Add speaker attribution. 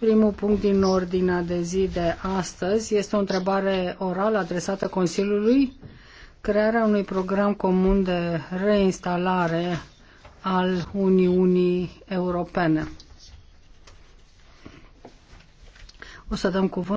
Speaker 1: Primul punct din ordinea de zi de astăzi este o întrebare orală adresată Consiliului crearea unui program comun de reinstalare al Uniunii Europene.
Speaker 2: O să dăm cuvânt